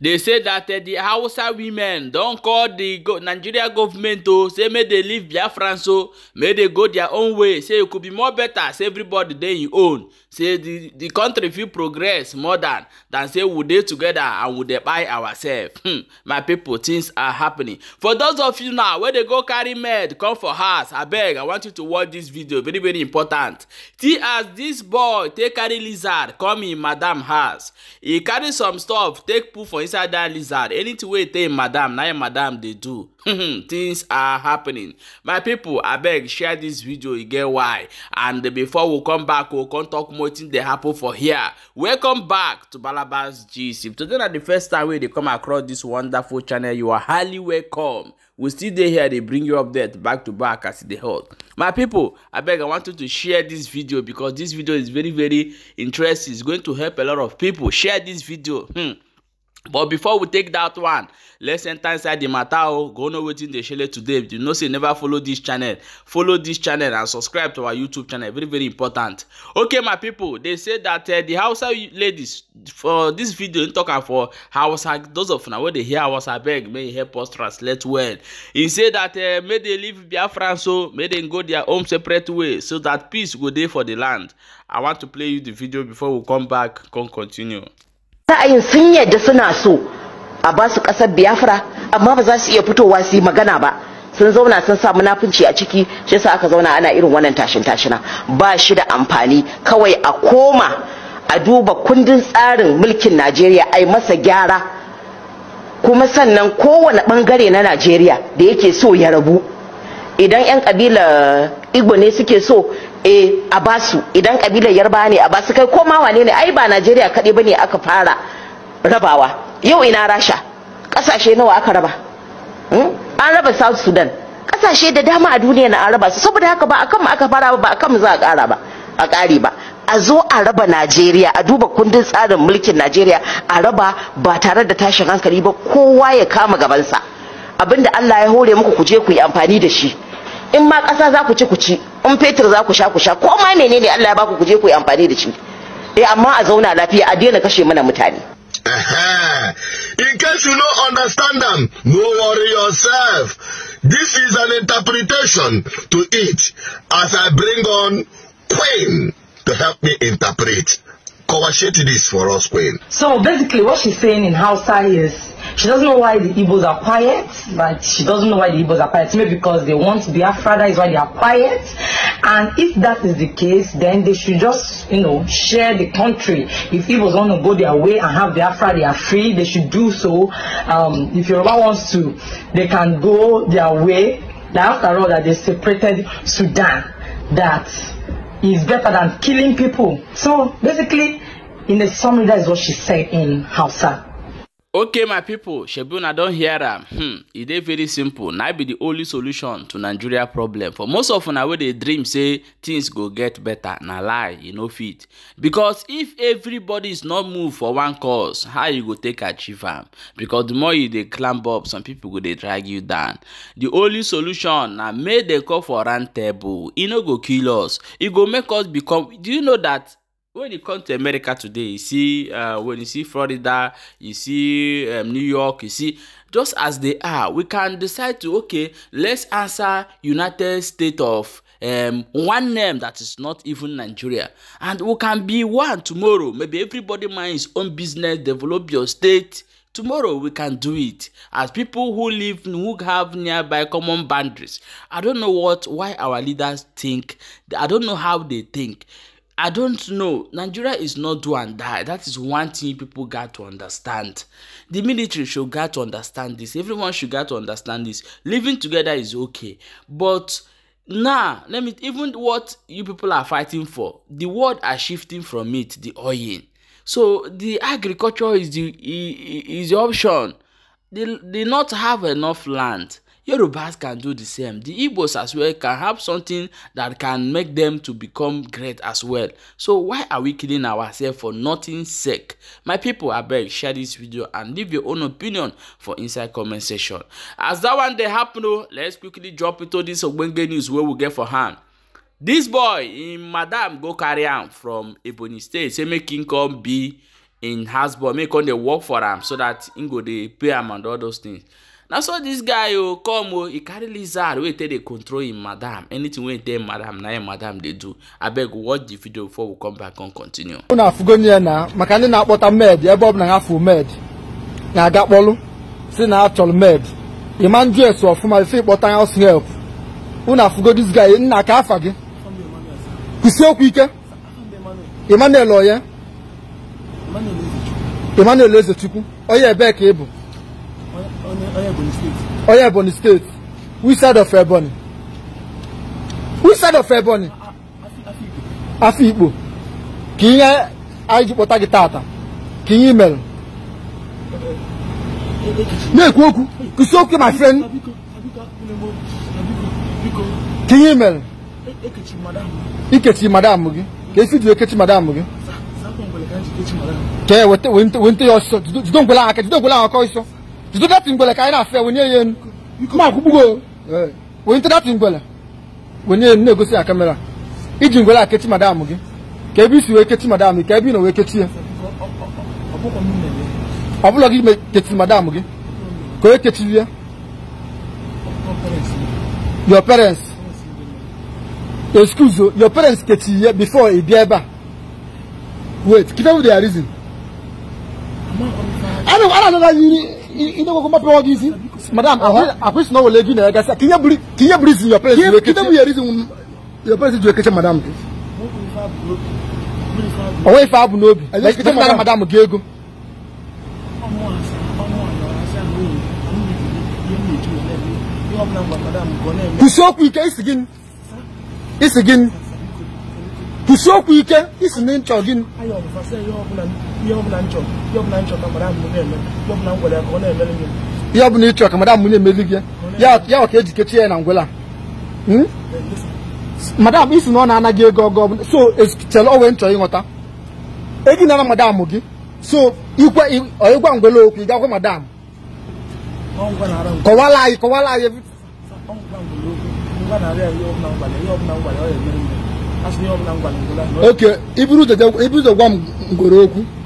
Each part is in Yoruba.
they say that uh, the hausa women don call the go nigeria government o oh, say make they leave biafran so make they go their own way say e could be more better say everybody dey im own say the the country fit progress more than than say we dey together and we dey buy ourselves hmm my people things are happening for those of you now wey dey go carry med come for house abeg i want you to watch this video very very important see as this boy take carry lizard come im madam house e carry some stuff take put for inside that lizard anything wey tey madam na im madam dey do hmm, hmm, things are happening my pipo abeg share this video e get why and before we come back we come talk more wetin dey happen for here welcome back to balabas gist if today na the first time wey dey come across this wonderful channel you are highly welcome we still dey here dey bring you update back to back as e dey hot my pipo abeg i want you to share this video because this video is very very interesting it's going to help a lot of people share this video hmm but before we take that one let's enter inside di matter o oh. go know wetin dey shele today if you know say you never follow this channel follow this channel and subscribe to our youtube channel very very important okay my people. They say dat eh, the hausa ladies for this video im tok am for hausa those of una wey dey hear hausa beg may e help us translate well im say dat eh, may dey leave biafra so may dem go their own separate way so that peace go dey for the land i want to play you the video before we come back come continue. ra'ayin sun yadda suna so a ba su ƙasar biafra amma ba za su iya fitowa su yi magana ba sun zauna sun sa munafunci a ciki shi sa aka zauna ana irin wannan tashin tashina ba shi da amfani kawai a koma a duba kundin tsarin mulkin najeriya a yi masa gyara kuma sannan kowane bangare na najeriya da yake so ya rabu idan 'yan kabila igbo ne suke so eh a basu idan kabilar yarba ne a basu kai koma wane ne ai ba najeriya kaɗai ba ne aka fara rabawa yau ina rasha ƙasashe nawa aka raba hmm? an raba south sudan kasashe da dama a duniya na an raba su saboda haka ba akan mu aka fara ba akan mu za a ƙara ba a ƙari ba a zo a raba najeriya a duba kundin tsarin mulkin najeriya a raba ba tare da tashin hankali ba kowa ya kama gabansa abinda allah ya hore muku ku je ku yi amfani da shi in ma ƙasa za ku ci ku ci in fetur za ku sha ku sha ko ma menene Allah ya baku ku je ku yi amfani da shi eh amma a zauna lafiya a daina kashe mana mutane in case you no understand am no worry yourself this is an interpretation to it as i bring on queen to help me interpret. Kawasheti this for us, Queen. So basically, what she's saying in Hausa is She doesn't know why the Igbos are quiet, but she doesn't know why the Igbos are quiet. Maybe because they want Biafra, that is why they are quiet. And if that is the case, then they should just, you know, share the country. If Igbos want to go their way and have Biafra, they are free, they should do so. Um, if Yoruba wants to, they can go their way. Now, after all, that they separated Sudan, that is better than killing people. So basically, in a summary, that is what she said in Hausa okay my people. shebi una don hear am hmm e dey very simple na be the only solution to nigeria problem for most of una wey dey dream say things go get better na lie e no fit because if everybody is not move for one cause how you go take achieve am because the more you dey climb up some people go dey drag you down the only solution na make dem call for round table e no go kill us e go make us become do you know that when you come to america today you see uh, when you see florida you see um, new york you see just as they are we can decide to okay let's answer united states of um, one name that is not even nigeria and we can be one tomorrow maybe everybody mind his own business develop your state tomorrow we can do it as people who live who have nearby common boundaries i don't know what why our leaders think i don't know how they think I don't know. Nigeria is not do and die. That is one thing people got to understand. The military should got to understand this. Everyone should got to understand this. Living together is okay. But now, nah, let me even what you people are fighting for, the world are shifting from it, the oil. So the agriculture is the is the option. They they not have enough land Yorubas can do the same. The Igbos as well can have something that can make them to become great as well. So why are we killing ourselves for nothing's sake? My people, I beg share this video and leave your own opinion for inside comment section. As that one day happened, though, let's quickly drop into this Ogbenge news where we get for hand. This boy in Madam go from Ebony State say make income be in Hasbro, make him the work for him so that him go dey pay him and all those things. na so dis guy o oh, come o oh, e carry lizard wey take dey control im madam anything wey dey madam na im madam dey do abeg watch di video before we come back on continue. unu afụgo n'ihe na maka ndị na-akpọta med ebe ọ bụ na ha fụ med na-aga kpọlụ si na achọrọ med ịma njụ esi ọfụma ife ịkpọta ya ọsụ help na afụgo dis guy nna ka afa gị kwụsị okwu ike Emmanuel onye Emmanuel Ezechukwu onye ebe ka ị bụ Oya Ebonyi State. Oya Ebonyi State. Which side of Ebony? Which side of Ebonyi? Afikpo. Ka ihe anyị ji kpọta gị tata ka ihe imere na-ekwu okwu kwụsị my friend ka ihe madam. ikechi madam gị ka efi dị ekechi madam gị ka weta wente ya ọsọ jido ngwele aka jido ngwele aka ọsọ Disodati ngbele ka anyị na-afịa wenye ya enu ma akwụgbugo wenye ntedati ngbele wenye enu na-egosi ya kamera iji ngwere akechi madam gị ka ebe isi wee kechi madam gị ka ebe ị nọ wee kechi ya ọ bụla gị kechi madam gị ka o kechi ya your parents excuse your parents kechi ya before ị bịa ebe a wait keep up with their reason. I don't, I don't know that you ine ko kuma pewa gizi madam akwai suna wale gina ya gasa kin ya buri zin your place your kitchen kin ya reason your place your kitchen madam ọwọ́ ife abụ n'obi madame, madam gị ego kwụsị okwu ike isi gịnị isi gịnị kwụsị okwu ike isi na nchọ gịnị ihe ọbụla m chọrọ ihe ọbụla m chọrọ ka madam na-eme ihe ya na-emere m ihe ọbụla ị chọrọ madam gị ya ọ ka e ya na ngwela hmm? madam isi na ọ na anaghị ego ọgọ ọbụla so chere onwe ịghọta ego nara madam gị so ịgwa ngwele okwu ị gagwa madam kọwala anyị kọwala anyị oke iburu ụzọ gwa m ngwere okwu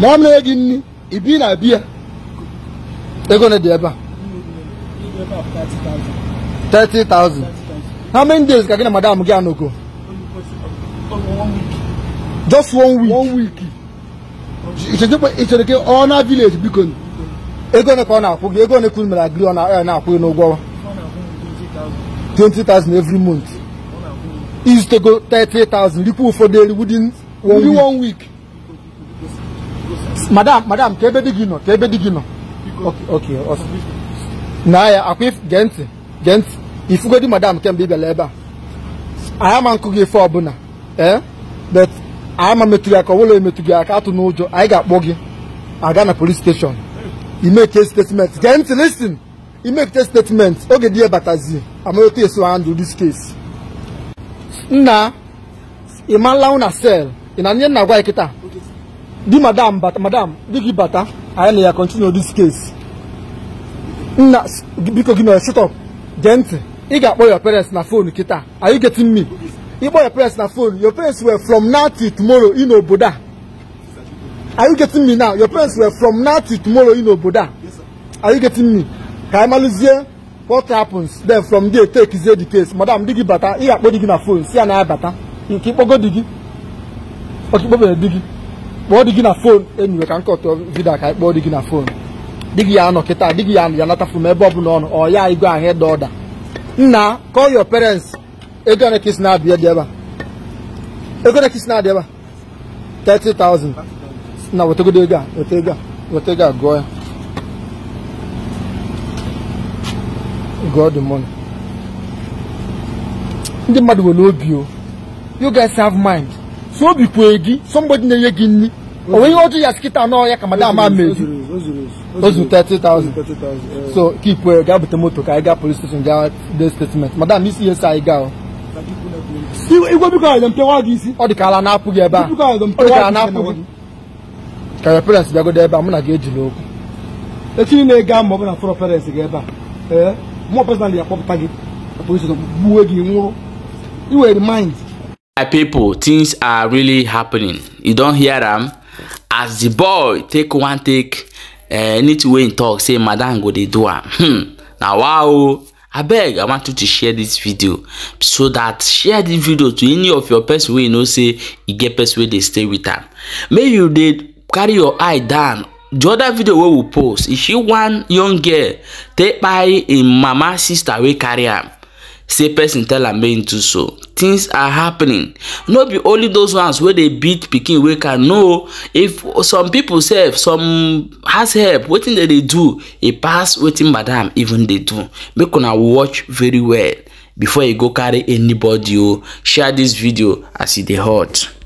ma ọ m nri ibi na biya ego na dị ebe a 30,000 how many days ka gị na madam gị anọgo just one week one week ọ na village biko ego ne ka ọ na-akwụ gị ego mere na-akwụ gị n'ụgwọ 20,000 every month izutego 30,000 rikwa ụfọdụ eri within one madam madam ka ebe di gị nọ ka ebe di gị nọ ok ok. na ya akwa gee ntị gee ntị ifugodi madam kemgbe ị bịara ebe a anyị ama nkụ gị ife ọbụna. ee eh? but anyị ama metụ gị aka ọbụla emetụ gị aka atụ n'ụjọ anyị ga-akpọ gị aga na police station imeke statement gee ntị listen imeke statement oge di ya batazi amaghị esi ha ndụ this case nna ị malanwụ na sel ị na anye nna gwa ya kịta di madam bata madam di gị bata anyị na continue this case nna biko gị nọ shut up gentle. ntị ị ga-akpọ your parents na phone kita. are you getting me ịkpọ your parents na phone your parents were from now till tomorrow in obodo a are you getting me now your parents were from now till tomorrow in obodo a are you getting me ka anyị what happens then from there take zie the case madam di gị bata ị ga-akpọ di gị na phone si ya na ya bata nke ịkpọgo di gị ọkịkpọbere di gị kpọọ dị gị na fon enyiwe ka nkọtọ vidio ka anyị kpọọ dị gị na fon dị gị ya anọ kịta dị gị ya ya nata fom ebe ọbụla ọnụ ọ ya igwe ahụ ịda ọda nna call your parents ego ole ka isi na-abịa dị ebe a ego ole ka isi na-adị ebe a 30,000 na wetagodo ego a weta ego a weta ego a gụọ ya gụọ dị money ndị mmadụ nwere obi o you guys have mind so obi kwee gị so mgbe na-enye gị nri onwe ihe ọjọọ ya skita anọ ya ka ama amezi ozu 30,000 so ka ikwe gaa bute moto ka anyị gaa polis steshọn gaa de statement madam isi ihe si anyị gaa igwe biko anyị mpewa gị isi ọ dịka ala na-apụ gị ebe a ọ dị ka ala na-apụ ka your parents bịagodo ebe a mụ na gị ejila okwu echi na-ega ma ọ bụ na fọrọ parents gị ebe a ee mụ ya kpọpụta gị polis steshọn gbuwe gị nwụrụ iwere mind my people, things are really happening you don't hear them. as the boy take one take anything wey im talk. say madam go dey do am hmm na wow beg i want you to share this video so that share this video to any of your person wey you know say e get person wey dey stay with them. make you did carry your eye down The other video wey we post If you want young girl take by a mama sister wey carry am say person tell am make im do so things are happening no be only those ones wey dey beat pikin wey can know if some people sef some has help wetin dem dey do e pass wetin madam even dey do make una watch very well before you go carry anybody o oh. share this video as e dey hot.